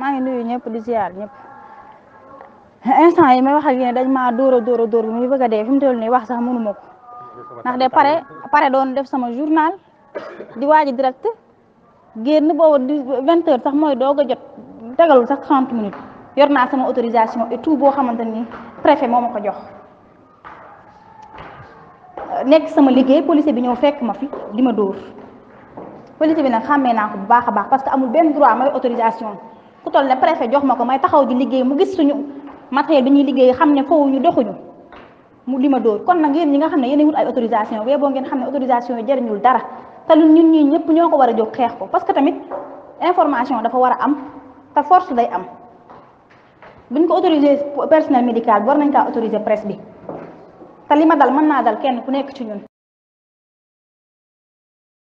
maa ngi nuyu ñëpp di ziar ñëpp instant yi ma wax ak yéen dañ maa dóor a dóor a dóor bi muy bëgg a dee fi mu toll nii wax sax mënu ma ko ndax de pare pare doon def sama journal di waaji direct génn boobu di vingt heures sax mooy doog a jot tegalul sax trente minutes yor naa sama autorisation et tout boo xamante ni préfet moo ma ko jox nekk sama liggéey policier bi ñëw fekk ma fi di ma dóor policier bi nag xàmmee naa ko bu baax a baax parce que amul benn droit may autorisation ku toll ne préfet jox ma ko may taxaw di liggéey mu gis suñu matériel bi ñuy liggéey xam ne foofu fowuñu doxuñu mu li ma dóor kon nag yéen ñi nga xam ne yéen a wut ay autorisation bee boo ngeen xam ne autorisation yi jëriñul dara te lu ñun ñii ñëpp ñoo ko war a jóg xeex ko parce que tamit information dafa war a am te force day am buñ ko autorisé personnel médical war nañ kaa autorisé presse bi ta li ma dal mën naa dal kenn ku nekk ci ñun